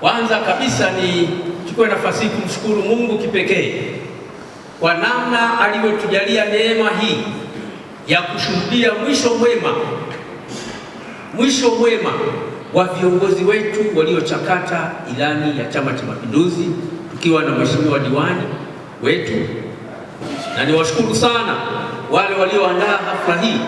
Kwanza kabisa nichukue nafasi hii kumshukuru Mungu kipekee kwa namna alivyotujalia neema hii ya kushuhudia mwisho mwema, mwisho mwema wa viongozi wetu waliochakata ilani ya Chama cha Mapinduzi, tukiwa na mheshimiwa diwani wetu, na niwashukuru sana wale walioandaa hafla hii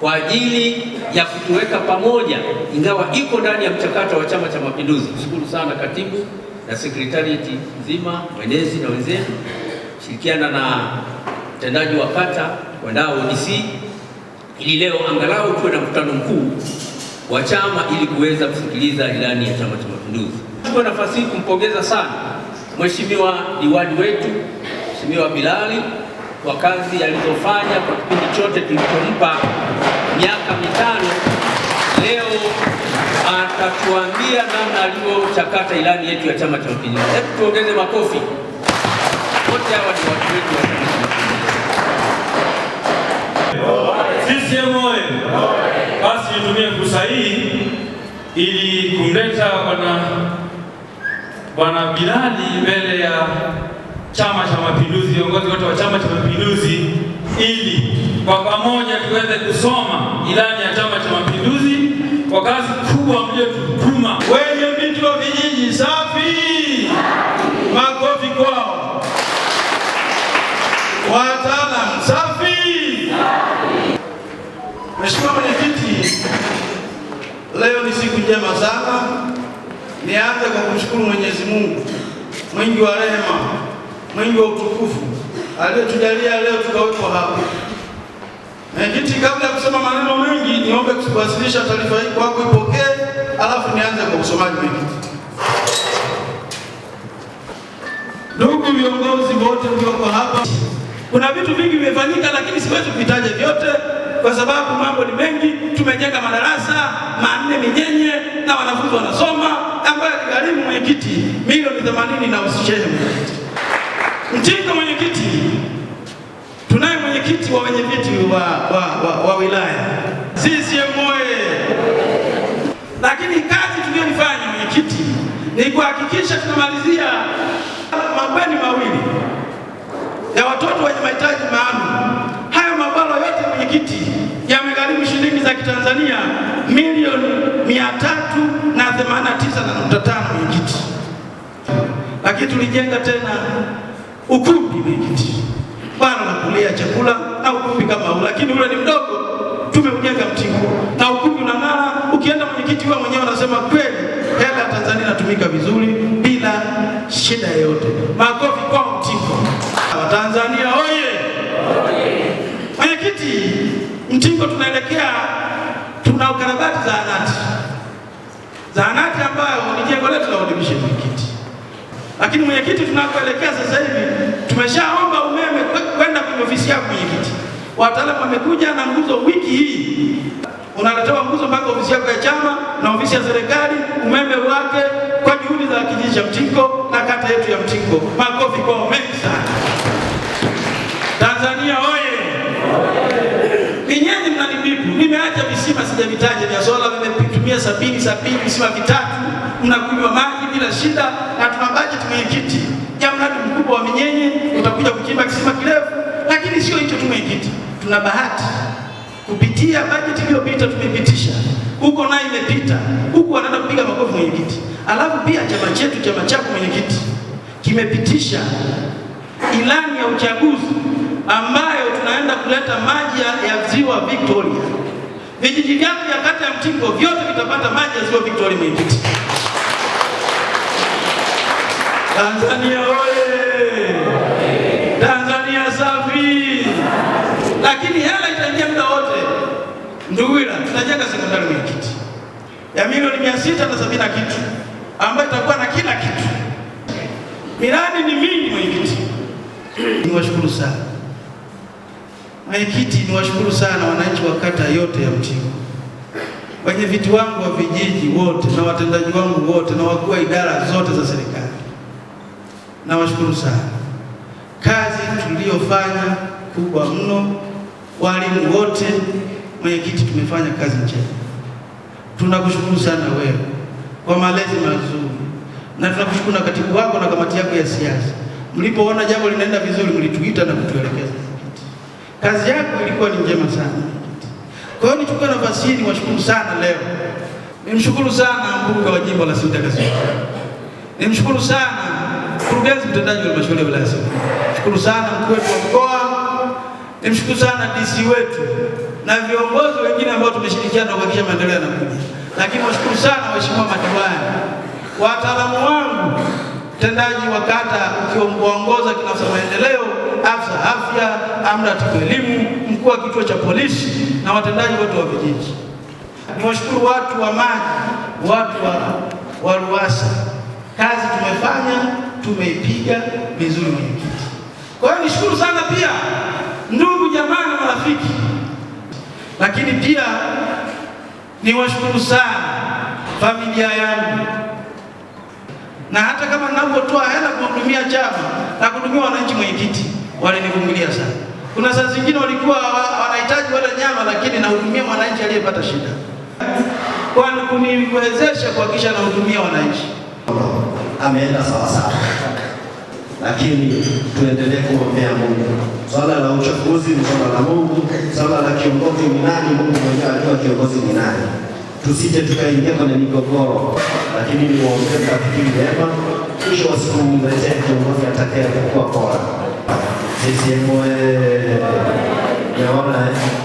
kwa ajili ya kutuweka pamoja, ingawa iko ndani ya mchakato wa Chama cha Mapinduzi. Shukuru sana katibu na sekretarieti nzima, mwenezi na wenzenu, shirikiana na mtendaji wa kata, wadau wa DC, ili leo angalau tuwe na mkutano mkuu wa chama ili kuweza kusikiliza ilani ya Chama cha Mapinduzi. Chukua nafasi hii kumpongeza sana Mheshimiwa diwani wetu Mheshimiwa Bilali kwa kazi alizofanya kwa kipindi chote kilichompa miaka mitano. Leo atatuambia namna alivyochakata ilani yetu ya Chama cha Mapinduzi. Hebu tuongeze makofi. Wote hawa ni watu wetu wa CCM oye! Basi nitumie fursa hii ili kumleta bwana bwana Bilali mbele ya Chama cha Mapinduzi, viongozi wote wa Chama cha Mapinduzi, ili kwa pamoja tuweze kusoma ilani ya Chama cha Mapinduzi kwa kazi kubwa mliotutuma. Wenye viti wa vijiji safi, makofi kwao. wataalam safi. Mheshimiwa Mwenyekiti, leo ni siku njema sana. Nianze kwa kumshukuru Mwenyezi Mungu mwingi wa rehema mwingi wa utukufu aliyetujalia leo tukawekwa hapa. Mwenyekiti, kabla ya kusema maneno mengi, niombe kuwasilisha taarifa hii kwako, ipokee, alafu nianze kwa usomaji. Mwenyekiti, ndugu viongozi wote mlioko hapa, kuna vitu vingi vimefanyika, lakini siwezi kuvitaja vyote kwa sababu mambo ni mengi. Tumejenga madarasa manne Minyenye na wanafunzi wanasoma, ambayo aligharimu mwenyekiti milioni themanini na usishemu Mchinga mwenyekiti, tunaye mwenyekiti wa wenyeviti wa, wa, wa, wa wilaya CCM oye! Lakini kazi tuliyoifanya mwenyekiti ni kuhakikisha tunamalizia mabweni mawili ya watoto wenye mahitaji maalum. Hayo mabwalo yote mwenyekiti yamegharimu shilingi za Kitanzania milioni 389.5 mwenyekiti, lakini tulijenga tena ukumbi mwenyekiti, bara nakulia kulia chakula na ukumbi kama huu, lakini ule ni mdogo, tumeujenga mtingo na ukumbi unang'ara. Ukienda mwenyekiti, wewe mwenyewe unasema kweli, hela ya Tanzania inatumika vizuri bila shida yoyote. Makofi kwa mtingo wa Tanzania, oye! Mwenyekiti, mtingo tunaelekea, tuna ukarabati zahanati, zahanati ambayo ni jengo letu la udimishe mwenyekiti lakini mwenyekiti, tunakoelekea sasa hivi tumeshaomba umeme kwenda kwenye ofisi yako mwenyekiti, wataalamu wamekuja na nguzo. Wiki hii unaletewa nguzo mpaka ofisi yako ya chama na ofisi ya serikali, umeme wake kwa juhudi za kijiji cha Mtiko na kata yetu ya Mtiko. Makofi kwa umeme sana. Tanzania oye! Ninyenye mnanibibu, nimeacha visima sijavitaja vya sola, nimetumia sabini sabini visima vitatu, mnakunywa maji bila shida na tunabaki mwenyekiti, ja mradi mkubwa wa Minyenye utakuja kuchimba kisima kirefu, lakini sio hicho tu mwenyekiti, tuna bahati kupitia bajeti iliyopita tumepitisha huko, na imepita huku, wanaenda kupiga makofi mwenyekiti. Alafu pia chama chetu, chama chako mwenyekiti, kimepitisha ilani ya uchaguzi ambayo tunaenda kuleta maji ya ziwa Victoria. Vijiji vyangu vya kata ya Mtingo vyote vitapata maji ya ziwa Victoria mwenyekiti. Tanzania oye! Tanzania safi! Lakini hela itaingia muda wote. Nduguila, tutajenga sekondari Mwenyekiti ya milioni mia sita na sabini na kitu ambayo itakuwa na kila kitu. Miradi ni mingi Mwenyekiti. Niwashukuru sana Mwenyekiti, niwashukuru sana wananchi wa kata yote ya Mtingo, wenye viti wangu wa vijiji wote na watendaji wangu wote na wakuu wa idara zote za serikali Nawashukuru sana, kazi tuliyofanya kubwa mno. Walimu wote, mwenyekiti, tumefanya kazi njema. Tunakushukuru sana wewe kwa malezi mazuri, na tunakushukuru na katibu wako na kamati yako ya siasa. Mlipoona jambo linaenda vizuri, mlituita na kutuelekeza. Kazi yako ilikuwa ni njema sana. Kwa hiyo nichukue nafasi hii niwashukuru sana leo. Nimshukuru sana mbunge wa jimbo la Singida Kaskazini. Nimshukuru sana mkurugenzi mtendaji wa halmashauri ya wilaya shukuru sana mkuu wetu wa mkoa, nimshukuru sana DC wetu na viongozi wengine ambao tumeshirikiana kuhakikisha maendeleo yanakuja, lakini washukuru sana waheshimiwa madiwani, wataalamu wangu, mtendaji wa kata ukiwaongoza kinafsa maendeleo, afisa afya, amdati elimu, mkuu wa kituo cha polisi na watendaji wote wa vijiji. Niwashukuru watu wa maji, watu wa, wa RUWASA, kazi tumefanya tumeipiga vizuri mwenyekiti. Kwa hiyo nishukuru sana pia ndugu jamani, marafiki, lakini pia niwashukuru sana familia yangu, na hata kama ninapotoa hela kuhudumia chama na kuhudumia wananchi, mwenyekiti, walinivumilia sana. Kuna saa zingine walikuwa wanahitaji wale nyama, lakini nahudumia mwananchi aliyepata shida, kwani kuniwezesha kuhakikisha nahudumia wananchi ameenda sawasawa, lakini tuendelee kuombea Mungu. Swala la uchaguzi ni swala la Mungu, swala la kiongozi ni nani, Mungu mwenyewe anajua kiongozi ni nani. Tusije tukaingia kwenye migogoro, lakini niwaombee rafiki mema, mwisho wa siku mletee kiongozi atakayekuwa bora. Sisi mwe eh, naona